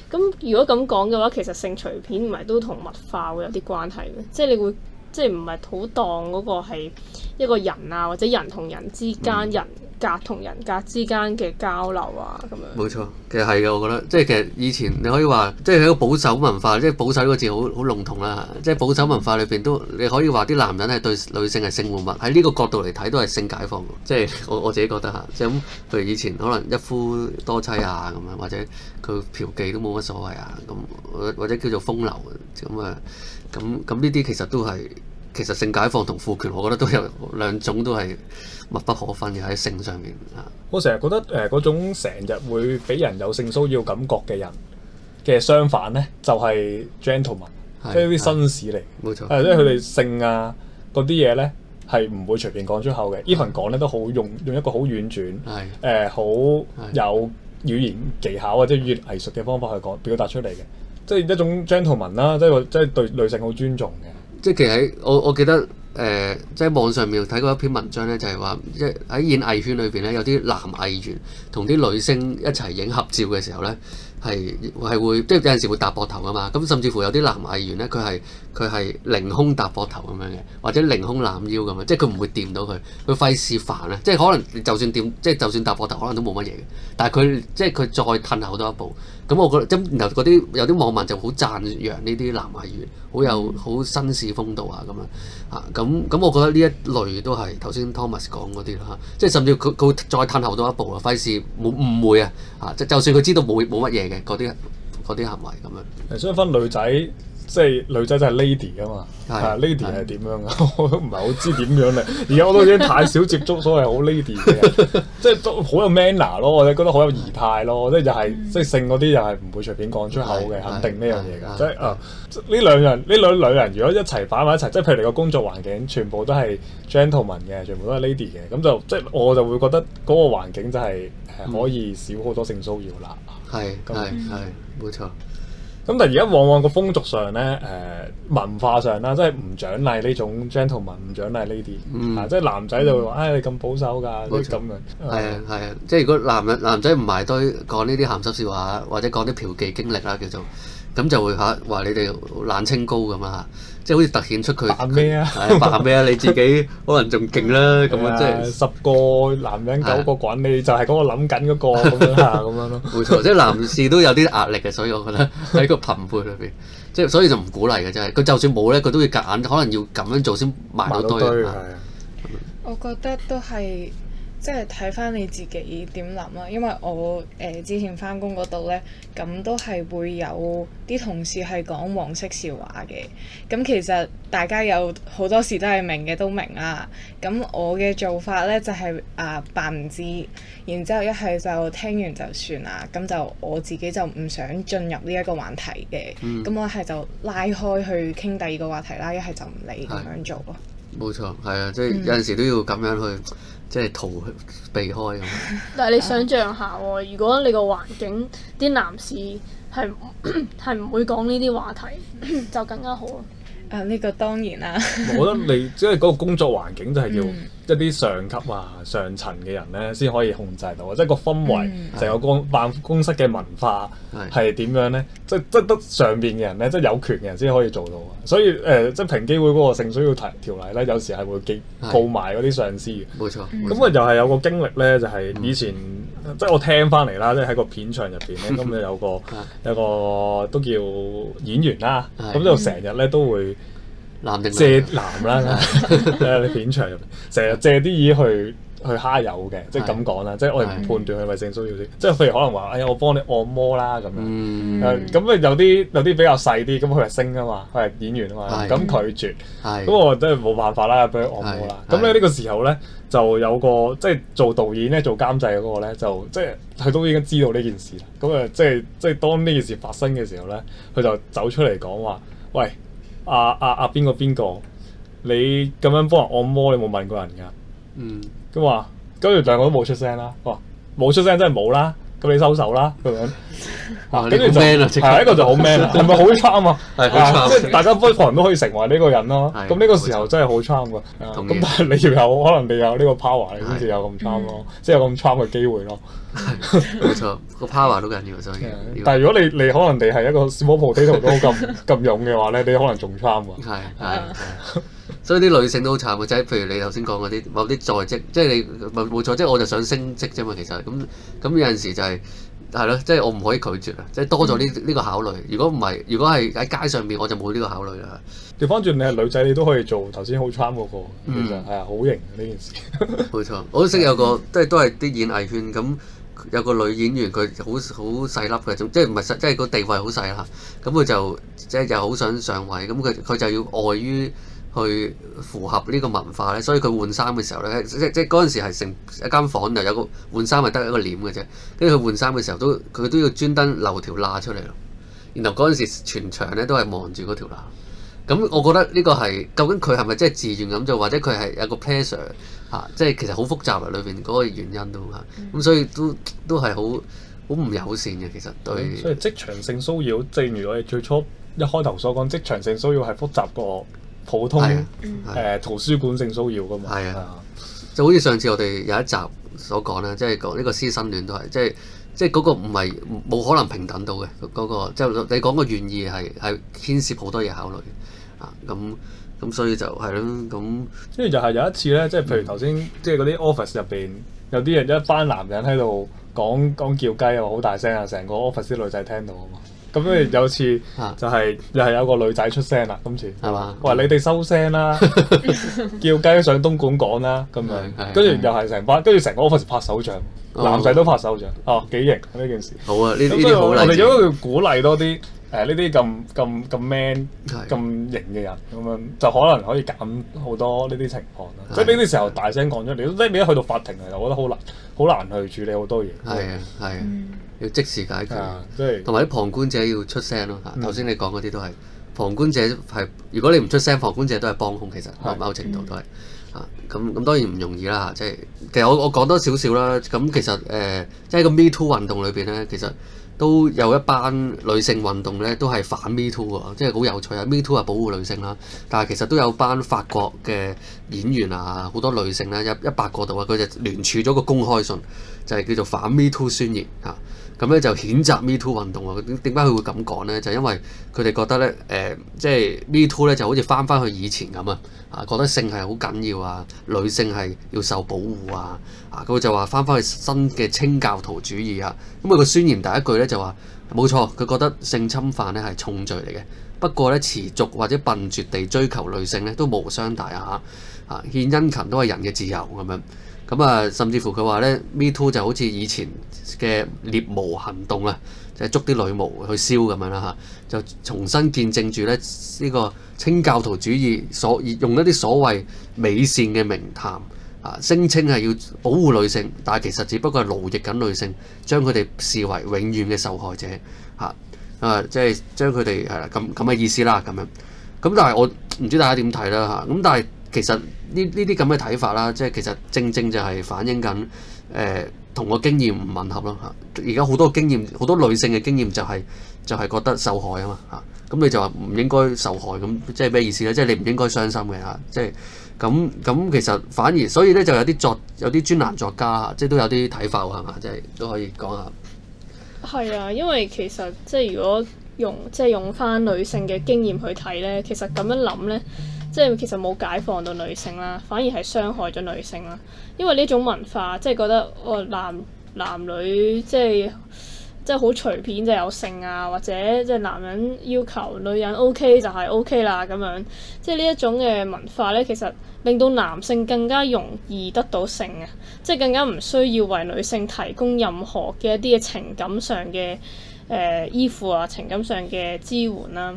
咁，如果咁講嘅話，其實性隨便唔係都同物化會有啲關係咩？即、就、係、是、你會即係唔係好當嗰個係一個人啊，或者人同人之間人。嗯格同人格之間嘅交流啊，咁樣
冇錯，其實係嘅，我覺得即係其實以前你可以話，即係喺個保守文化，即係保守個字好好籠統啦。即係保守文化裏邊都你可以話啲男人係對女性係性物質，喺呢個角度嚟睇都係性解放。即係我我自己覺得吓，即係咁，譬如以前可能一夫多妻啊咁樣，或者佢嫖妓都冇乜所謂啊咁，或者叫做風流咁啊，咁咁呢啲其實都係其實性解放同賦權，我覺得都有兩種都係。密不可分嘅喺性上面啊！
我成日覺得誒嗰、呃、種成日會俾人有性騷擾感覺嘅人嘅相反咧，就係、是、gentleman，
是即係啲紳士嚟，冇錯。誒即係佢哋
性啊嗰啲嘢咧，係唔會隨便講出口嘅。even 講咧都好用用一個好婉轉，係誒好有語言技巧啊，即係語言藝術嘅方法去講表達出嚟嘅，即係一種 gentleman 啦，即係即係對女性好尊重嘅。即
係其實我我記得。誒、呃，即係網上面睇過一篇文章呢就係、是、話，即喺演藝圈裏邊呢有啲男藝員同啲女星一齊影合照嘅時候呢係係會即係有陣時會搭膊頭㗎嘛。咁、嗯、甚至乎有啲男藝員呢佢係佢係凌空搭膊頭咁樣嘅，或者凌空攬腰咁樣的，即係佢唔會掂到佢，佢費事煩啊。即係可能就算掂，即係就算搭膊頭，可能都冇乜嘢嘅。但係佢即係佢再褪後多一步。咁我覺得，咁然後嗰啲有啲網民就好讚揚呢啲男藝員，好有好紳士風度啊咁樣，啊咁咁，我覺得呢一類都係頭先 Thomas 講嗰啲啦，即係甚至佢佢再褪後到一步啦，費事冇誤會啊，啊即就算佢知道冇冇乜嘢嘅嗰啲啲行為咁樣。誒，所以分女仔。即係女仔真係 lady 啊嘛，
係 lady 係點樣啊？我都唔係好知點樣咧。而家我都已經太少接觸所謂好 lady 嘅，即係都好有 manner 咯，或者覺得好有儀態咯。即係又係即係性嗰啲，又係唔會隨便講出口嘅，肯定呢樣嘢嘅。即係啊，呢兩樣呢兩個人如果一齊擺埋一齊，即係譬如你個工作環境全部都係 gentleman 嘅，全部都係 lady 嘅，咁就即係我就會覺得嗰個環境就係可以少好多性騷擾啦。係係係，冇錯。咁但而家往往個風俗上咧，誒、呃、文化上啦，即係唔
獎勵呢種 gentleman，唔獎勵呢啲，嗯、啊，即係男仔就會話：
唉、嗯哎，你咁保守㗎，咁像樣。係啊
係啊，即係如果男人男仔唔埋堆講呢啲鹹濕笑話，或者講啲嫖妓經歷啦，叫做。咁就會嚇話你哋冷清高咁啊，即係好似突顯出佢扮
咩啊？扮
咩啊？你自己 *laughs* 可能仲勁啦，咁啊、就係，即係十個男人
九個滾，你 *laughs* 就係嗰個諗緊嗰個咁
樣嚇，咁樣咯。冇 *laughs* 錯，即係男士都有啲壓力嘅，所以我覺得喺個貧富裏邊，即係所以就唔鼓勵嘅真係。佢就算冇咧，佢都要夾硬，可能要咁樣做先賣到多嘅。
我覺得都係。即係睇返你自己點諗啦，因為我誒、呃、之前返工嗰度呢，咁都係會有啲同事係講黃色笑話嘅。咁其實大家有好多時都係明嘅，都明啦、啊。咁我嘅做法呢，就係啊扮唔知，然之後一係就聽完就算啦。咁就我自己就唔想進入呢一個話題嘅。咁、嗯、我係就拉開去傾第二個話題啦。一係就唔理咁樣做咯。
冇錯，係啊，即係有陣時都要咁樣去。嗯嗯。即係逃避開咁。
*laughs* 但係你想象下，如果你個環境啲男士係係唔會講呢啲話題， *coughs* 就更加好啊！誒，呢個當
然啦。 *laughs* 我覺得
你即係嗰個工作環境就係要。嗯一啲上級啊、上層嘅人咧，先可以控制到，即係個氛圍，成個公辦公室嘅文化係點樣咧是的？即係即得上邊嘅人咧，即係有權嘅人先可以做到。所以誒、呃，即係平機會嗰個性需要條例咧，有時係會記告埋嗰啲上司嘅。冇錯。咁啊，又係有個經歷咧，就係、是、以前、嗯、即係我聽翻嚟啦，即係喺個片場入邊咧，咁就有個有 *laughs* 個都叫演員啦，咁就成日咧都會。男借男啦、 *laughs* *laughs* 啊，你片場入邊成日借啲嘢去去揩油嘅，即係咁講啦，是即係我哋唔判斷佢係咪性騷擾啲，是即係譬如可能話，哎呀，我幫你按摩啦咁樣，誒、嗯，咁誒、呃、有啲有啲比較細啲，咁佢係升啊嘛，佢係演員啊嘛，咁拒是絕，咁是我真係冇辦法啦，俾佢按摩啦。咁咧呢個時候咧，就有個即係做導演咧、做監製嗰個咧，就即係佢都已經知道呢件事啦。咁誒，即係即係當呢件事發生嘅時候咧，佢就走出嚟講話，喂。啊啊啊！邊個邊個？啊、邊個邊個,你咁樣幫人按摩，你冇問過人㗎？嗯。咁話，咁原來兩個都冇出聲啦。哦、嗯，冇出聲即係冇啦。咁你收手啦，咁樣，跟住就係一個就好 man 啦，係咪好 charm 啊？
係，即係大
家不可能都可以成為呢個人咯。咁呢個時候真係好 charm 啊！咁但係你要有可能你有呢個 power 先至有咁 charm 咯，即係有咁 charm 嘅機會咯。冇錯，個 power 都緊要。所以，但係如果你
你可能你係
一個 small potato 都咁
咁勇嘅話咧，你可能仲 charm 啊！係係。所以啲女性都好慘嘅，即係譬如你頭先講嗰啲某啲在職，即係你冇冇錯，即係我就想升職啫嘛。其實咁咁有陣時就係係咯，即係我唔可以拒絕啊。即係多咗呢呢個考慮。如果唔係，如果係喺街上面，我就冇呢個考慮啦。調翻轉，你係女仔，你都可以做頭先好慘嗰個，嗯、其實係好型呢件事。冇 *laughs* 錯，我都識有個都都係啲演藝圈咁有個女演員，佢好好細粒嘅，即係唔係實即係個地位好細啦。咁佢就，就即係又好想上位，咁佢佢就要礙、呃、於。去符合呢個文化咧，所以佢換衫嘅時候咧，即即嗰陣時係成一間房，就有個換衫，係得一個簾嘅啫。跟住佢換衫嘅時候，都佢都要專登留條罅出嚟咯。然後嗰陣時，專專時全場咧都係望住嗰條罅。咁我覺得呢個係究竟佢係咪真係自願咁做，或者佢係有個 pleasure 嚇、啊？即係其實好複雜嘅裏邊嗰個原因都嚇咁，啊嗯嗯、所以都都係好好唔友善嘅。其實對，嗯、
所以職場性騷擾，正如我哋最初一開頭所講，職場性騷擾係複雜過。普
通誒、啊啊、圖書館性騷擾㗎嘛，係啊，就好似上次我哋有一集所講啦，即係講呢個師生戀都係，即係即係嗰個唔係冇可能平等到嘅嗰、嗰個，即、就、係、是、你講個願意係係牽涉好多嘢考慮啊，咁咁所以就係咯，咁即係就係有一次咧，即、就、係、是、譬如頭先、嗯、即係嗰啲 office 入邊
有啲人一班男人喺度講講叫雞啊，好大聲啊，成個 office 啲女仔聽到啊嘛。咁跟住有次就係又係有個女仔出聲啦，今次係嘛？喂，你哋收聲啦，叫雞上東莞講啦，咁樣。跟住又係成班，跟住成個 office 拍手掌，男仔都拍手掌，哦幾型呢件事。
好啊，呢啲呢啲好。我哋如果
要鼓勵多啲誒呢啲咁咁咁 man、咁型嘅人，咁樣就可能可以減好多呢啲情況啦。即係呢啲時候大聲講出你都即係你一去到法庭嚟，我覺得好
難好難去處理好多嘢。係啊，係。要即時解決，同埋啲旁觀者要出聲咯。嚇，頭先你講嗰啲都係旁觀者係。如果你唔出聲，旁觀者都係幫兇。其實某程度都係嚇，咁咁，當然唔容易啦嚇。即係其實我我講多少少啦。咁其實誒，即係個 Me Too 運動裏邊咧，其實都有一班女性運動咧，都係反 Me Too 嘅，即係好有趣啊。Me Too 係保護女性啦，但係其實都有班法國嘅演員啊，好多女性咧一一百個度啊，佢就聯署咗個公開信，就係、是、叫做反 Me Too 宣言嚇。啊咁咧就譴責 Me Too 運動啊。點點解佢會咁講呢？就因為佢哋覺得呢，誒、呃，即、就、係、是、Me Too 咧就好似翻翻去以前咁啊！啊，覺得性係好緊要啊，女性係要受保護啊！啊，佢就話翻翻去新嘅清教徒主義啊！咁、那、佢個宣言第一句呢就話：冇錯，佢覺得性侵犯呢係重罪嚟嘅。不過呢，持續或者笨拙地追求女性呢都無傷大雅啊！獻殷勤都係人嘅自由咁樣。啊咁啊，甚至乎佢話咧，Me Too 就好似以前嘅獵巫行動啊，就係、是、捉啲女巫去燒咁樣啦嚇，就重新見證住咧呢個清教徒主義所用一啲所謂美善嘅名談啊，聲稱係要保護女性，但係其實只不過係奴役緊女性，將佢哋視為永遠嘅受害者嚇啊，即係將佢哋係啦咁咁嘅意思啦咁樣。咁但係我唔知大家點睇啦嚇。咁但係。其實呢呢啲咁嘅睇法啦，即係其實正正就係反映緊誒同個經驗唔吻合咯吓。而家好多經驗，好多女性嘅經驗就係、是、就係、是、覺得受害嘛啊嘛吓。咁你就話唔應該受害咁，即係咩意思咧？即係你唔應該傷心嘅吓、啊。即係咁咁，其實反而所以咧就有啲作有啲專欄作家、啊、即係都有啲睇法，係、啊、嘛，即係都可以講下。
係啊，因為其實即係如果用即係用返女性嘅經驗去睇咧，其實咁樣諗咧。即係其實冇解放到女性啦，反而係傷害咗女性啦。因為呢種文化，即係覺得哦男男女即係即係好隨便就有性啊，或者即係男人要求女人 OK 就係 OK 啦咁樣。即係呢一種嘅文化咧，其實令到男性更加容易得到性啊，即係更加唔需要為女性提供任何嘅一啲嘅情感上嘅誒依附啊，情感上嘅支援啦。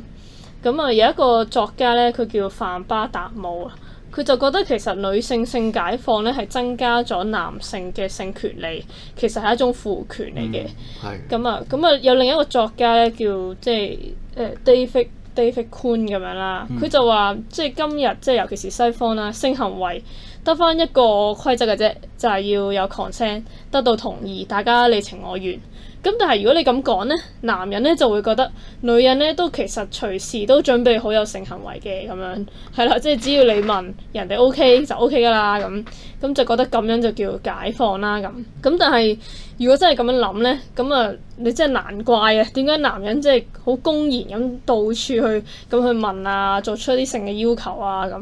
咁啊，有一個作家咧，佢叫范巴達姆啊，佢就覺得其實女性性解放咧，係增加咗男性嘅性權利，其實係一種賦權嚟嘅。係、嗯。咁啊，咁啊，有另一個作家咧，叫即係誒 David David Queen、uh、咁樣啦，佢、嗯、就話即係今日即係尤其是西方啦，性行為得返一個規則嘅啫，就係、是、要有 consent 得到同意，大家你情我願。咁但係如果你咁講咧，男人咧就會覺得女人咧都其實隨時都準備好有性行為嘅咁樣，係啦，即係只要你問人哋 OK 就 OK 噶啦咁，咁就覺得咁樣就叫解放啦咁。咁但係如果真係咁樣諗咧，咁啊你真係難怪啊，點解男人即係好公然咁到處去咁去問啊，做出一啲性嘅要求啊咁。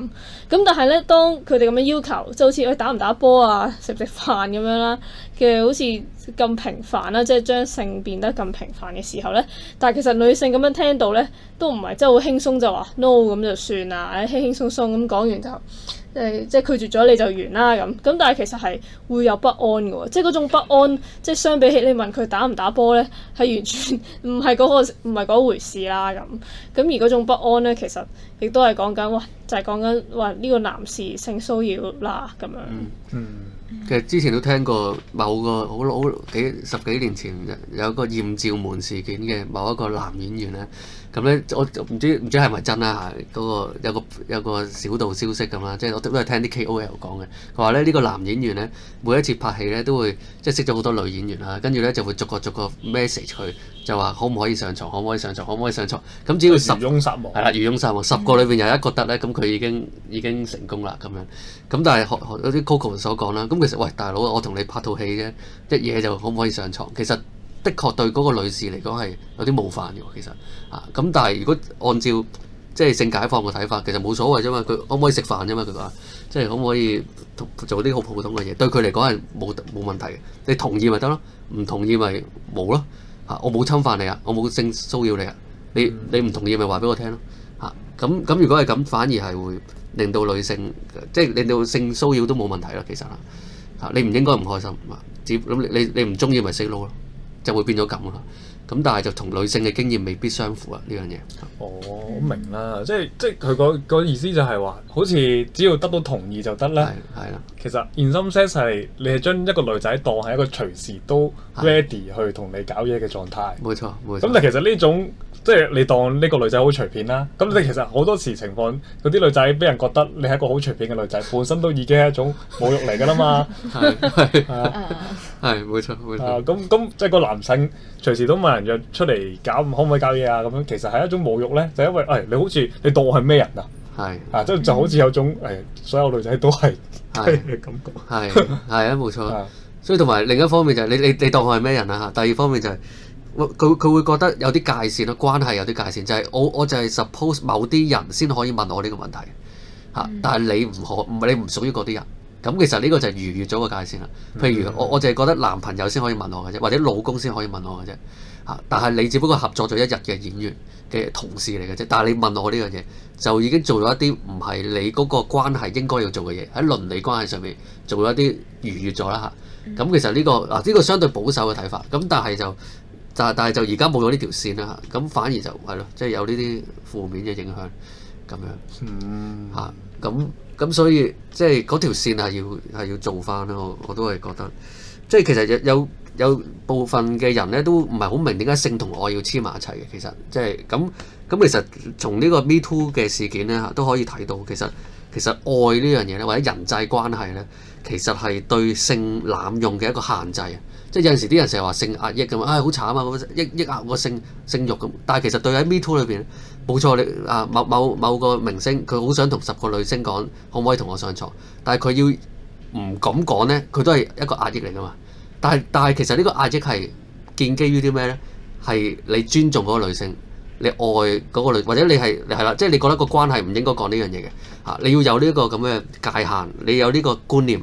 咁但係咧，當佢哋咁嘅要求，就好似喂、欸、打唔打波啊，食唔食飯咁樣啦。嘅好似咁平凡啦，即係將性變得咁平凡嘅時候咧，但係其實女性咁樣聽到咧，都唔係即係好輕鬆就話 no 咁就算啦，輕輕鬆鬆咁講完就、呃、即係即係拒絕咗你就完啦咁。咁但係其實係會有不安嘅喎，即係嗰種不安，即係相比起你問佢打唔打波咧，係完全唔係嗰個唔係嗰回事啦咁。咁而嗰種不安咧，其實亦都係講緊，喂就係講緊話呢個男士性騷擾啦咁樣。嗯嗯。
其實之前都聽過某個好老幾十幾年前有個豔照門事件嘅某一個男演員呢。咁咧、嗯，我唔知唔知係咪真啦嚇，嗰、啊那個有個有個小道消息咁啦、啊，即係我都係聽啲 KOL 講嘅，佢話咧呢、這個男演員咧每一次拍戲咧都會即係識咗好多女演員啦，跟住咧就會逐個逐個 message 佢，就話可唔可以上床？可唔可以上床？可唔可以上床？咁、啊、只要漁翁撒網，係啦，漁翁撒網，十個裏邊有一個得咧，咁佢、嗯、已經已經成功啦咁樣。咁但係學學啲 Coco 所講啦，咁其實喂大佬，我同你拍套戲啫，一嘢就可唔可以上床？其實。的確對嗰個女士嚟講係有啲冒犯嘅，其實啊咁。但係如果按照即係性解放嘅睇法，其實冇所謂啫嘛。佢可唔可以食飯啫嘛？佢話即係可唔可以做啲好普通嘅嘢？對佢嚟講係冇冇問題嘅。你同意咪得咯，唔同意咪冇咯吓。我冇侵犯你,你,你,你啊，我冇性騷擾你啊。你你唔同意咪話俾我聽咯吓咁咁。如果係咁，反而係會令到女性即係、啊就是、令到性騷擾都冇問題啦。其實吓、啊、你唔應該唔開心啊。咁你你唔中意咪 stop 咯。就會變咗咁啊！咁但係就同女性嘅經驗未必相符啊！呢樣嘢，哦，我明啦，即係即係佢嗰意思就係話，
好似只要得到同意就得啦。係啦的，其實 instant set 係你係將一個女仔當係一個隨時都 ready 去同你搞嘢嘅狀態。
冇的錯，冇錯。咁但係
其實呢種即係你當呢個女仔好隨便啦、啊，咁你其實好多時情況嗰啲女仔俾人覺得你係一個好隨便嘅女仔，本身都已經係一種侮辱嚟㗎啦嘛。係係冇錯冇錯。咁咁即係個男性隨時都問人約出嚟搞，可唔可以搞嘢啊？咁樣其實係一種侮辱咧，就係、因為誒、哎、你好似你當我係咩人啊？係係啊，即就，就好似有種
誒、嗯哎、所有女仔都係
嘅感
覺。係係啊，冇錯。 *laughs* 係 *laughs* 所以同埋另一方面就係、係、你你你，你，你當我係咩人啊？嚇，第二方面就係、係。佢佢會覺得有啲界線咯，關係有啲界線，就係我我就係 suppose 某啲人先可以問我呢個問題嚇，但係你唔可唔係你唔屬於嗰啲人，咁其實呢個就係逾越咗個界線啦。譬如我我就係覺得男朋友先可以問我嘅啫，或者老公先可以問我嘅啫嚇，但係你只不過合作咗一日嘅演員嘅同事嚟嘅啫，但係你問我呢樣嘢就已經做咗一啲唔係你嗰個關係應該要做嘅嘢，喺倫理關係上面做咗一啲逾越咗啦嚇。咁其實呢個嗱呢個相對保守嘅睇法，咁但係就。但係就而家冇咗呢條線啦嚇，咁反而就係咯，即係、就是、有呢啲負面嘅影響咁樣嚇，咁咁、嗯啊、所以即係嗰條線係要係要做返啦，我我都係覺得，即、就、係、是、其實有有部分嘅人咧都唔係好明點解性同愛要黐埋一齊嘅，其實即係咁咁其實從呢個 Me Too 嘅事件咧都可以睇到，其實其實愛呢樣嘢咧或者人際關係咧，其實係對性濫用嘅一個限制。即係有陣時啲人成日話性壓抑咁啊，唉好慘啊！咁抑抑壓個性性慾咁，但係其實對喺 MeToo 裏邊，冇錯你啊某某某個明星，佢好想同十個女星講可唔可以同我上牀，但係佢要唔敢講呢，佢都係一個壓抑嚟噶嘛。但係但係其實呢個壓抑係建基於啲咩呢？係你尊重嗰個女星，你愛嗰個女，或者你係係啦，即係你覺得個關係唔應該講呢樣嘢嘅嚇，你要有呢個咁嘅界限，你有呢個觀念。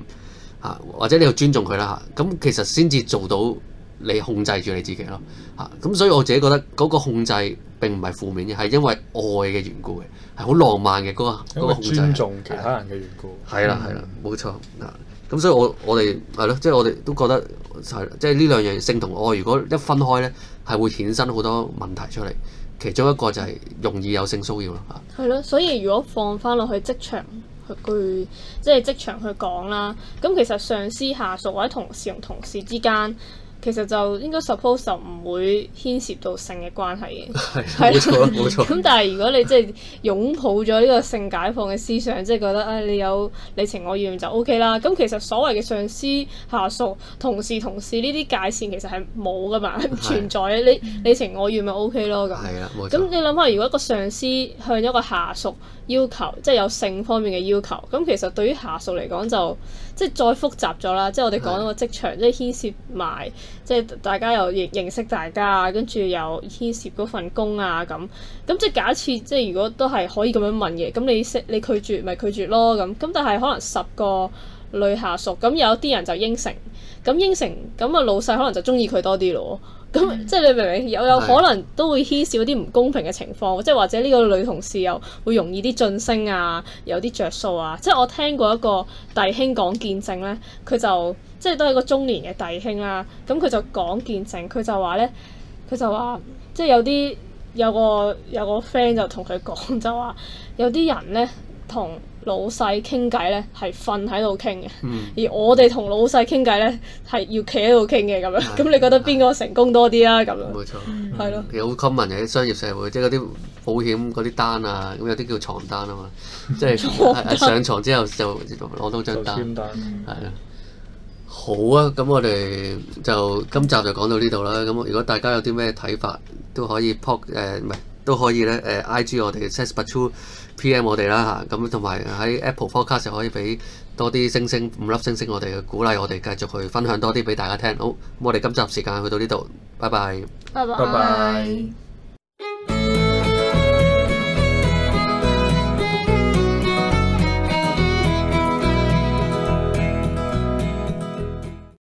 或者你要尊重佢啦嚇，咁其實先至做到你控制住你自己咯嚇，咁所以我自己覺得嗰個控制並唔係負面嘅，係因為愛嘅緣故嘅，係好浪漫嘅嗰個嗰個控制。因為尊重其他人
嘅緣故。係啦係
啦，冇錯啊，咁所以我我哋係咯，即係我哋都覺得係，即係呢兩樣性同愛如果一分開呢，係會衍生好多問題出嚟，其中一個就係容易有性騷擾啦嚇。
係咯，所以如果放翻落去職場。佢即係職場去講啦，咁其實上司、下屬或者同事同同事之間，其實就應該 suppose 就唔會牽涉到性嘅關係嘅，係冇錯啦，冇錯。咁 *laughs* 但係如果你即係擁抱咗呢個性解放嘅思想，即係覺得啊，你有你情我願就 OK 啦。咁其實所謂嘅上司、下屬、同事、同事呢啲界線其實係冇噶嘛，存在你你情我願咪 OK 咯咁。你諗下，如果一個上司向一個下屬要求即係有性方面嘅要求，咁其實對於下屬嚟講就即係再複雜咗啦。即係我哋講到個職場，即係牽涉埋即係大家又認認識大家，跟住又牽涉嗰份工啊咁。咁即係假設即係如果都係可以咁樣問嘅，咁你識你拒絕咪拒絕咯咁。咁但係可能十個女下屬，咁有啲人就應承，咁應承咁啊老細可能就鍾意佢多啲咯。咁、嗯嗯、即係你明唔明？有有可能都會牽涉啲唔公平嘅情況，的即係或者呢個女同事又會容易啲晉升啊，有啲着數啊。即係我聽過一個弟兄講見證咧，佢就即係都係個中年嘅弟兄啦、啊。咁佢就講見證，佢就話咧，佢就話即係有啲有個有個 friend 就同佢講就話有啲人咧同老細傾偈咧係瞓喺度傾嘅，嗯、而我哋同老細傾偈咧係要企喺度傾嘅咁樣。咁、嗯、你覺得邊個、嗯、成功多啲啊？咁樣。冇錯，係咯、
嗯。有好 common 嘅商業社會，即係嗰啲保險嗰啲單啊，咁有啲叫床單啊嘛，即係單上床之後就攞到張單。簽單。係啊。好啊，咁我哋就今集就講到呢度啦。咁如果大家有啲咩睇法，都可以 post 唔係。呃呃呃都可以咧，誒、呃、I G 我哋，special PM 我哋啦吓，咁、啊、同埋喺 Apple Podcast 可以俾多啲星星五粒星星我哋嘅鼓勵，我哋繼續去分享多啲俾大家聽。好，咁我哋今集時間去到呢度，拜拜，拜
拜。拜拜拜拜。